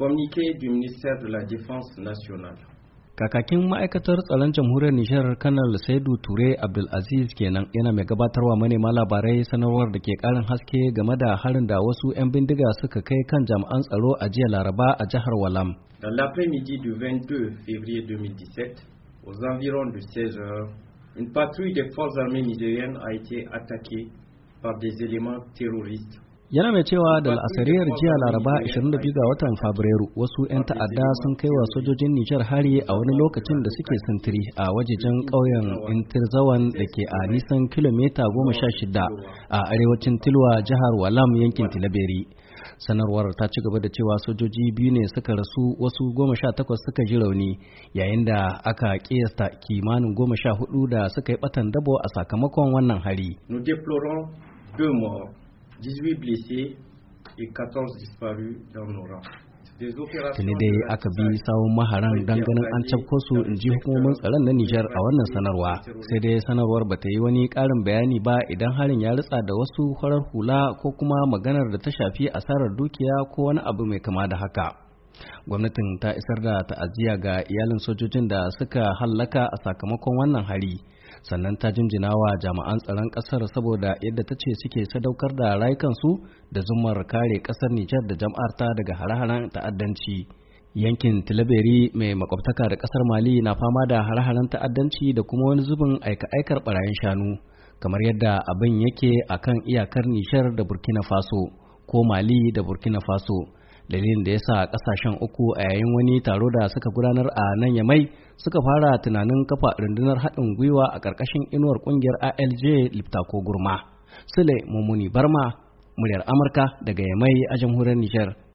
Communiqué du ministère de la Défense nationale. Kakakin ma'aikatar tsaron jamhuriyar Nijar Kanal Saidu Ture Abdulaziz kenan yana mai gabatarwa manema labarai sanarwar da ke karin haske game da harin da wasu 'yan bindiga suka kai kan jami'an tsaro a jiya Laraba a jihar Walam. Dans l'après-midi du 22 février 2017, aux environs de 16 heures, une patrouille des forces armées nigériennes a été attaquée par des éléments terroristes yana mai cewa da la'asariyar jiya laraba 22 ga watan fabrairu wasu 'yan ta'adda sun kai wa sojojin nijar hari a wani lokacin da suke sintiri a wajejen ƙauyen intirzawan da ke a nisan kilomita 16 a arewacin tilwa jihar walam yankin tilaberi sanarwar ta ci gaba da cewa sojoji biyu ne suka rasu wasu goma sha takwas suka ji rauni yayin da aka kiyasta kimanin goma sha hudu da suka yi batan dabo a sakamakon wannan hari 18 blessés et 14 disparus dans nos rangs. dai aka bi sabon maharan don an cafko su in ji hukumomin tsaron na Nijar a wannan sanarwa. Sai dai sanarwar ba ta yi wani ƙarin bayani ba idan harin ya ritsa da wasu farar hula ko kuma maganar da ta shafi asarar dukiya ko wani abu mai kama da haka. Gwamnatin ta isar da ta'aziyya ga iyalin sojojin da suka hallaka a sakamakon wannan hari. sannan ta jinjina wa jami'an tsaron kasar saboda yadda ta ce suke sadaukar da rayukansu da zumar kare ƙasar Nijar da ta daga hare-haren ta'addanci. Yankin Tilaberi mai makwabtaka da ƙasar Mali na fama da hare-haren ta'addanci da kuma wani zubin aika-aikar barayin shanu, kamar yadda abin yake akan iyakar nijar da Burkina Faso ko Mali da Burkina Faso. dalilin da ya sa kasashen uku a yayin wani taro da suka gudanar a nan yamai suka fara tunanin kafa rundunar haɗin gwiwa a ƙarƙashin inuwar ƙungiyar alj ko gurma sule mummuni barma muryar amurka daga yamai a jamhuriyar nijar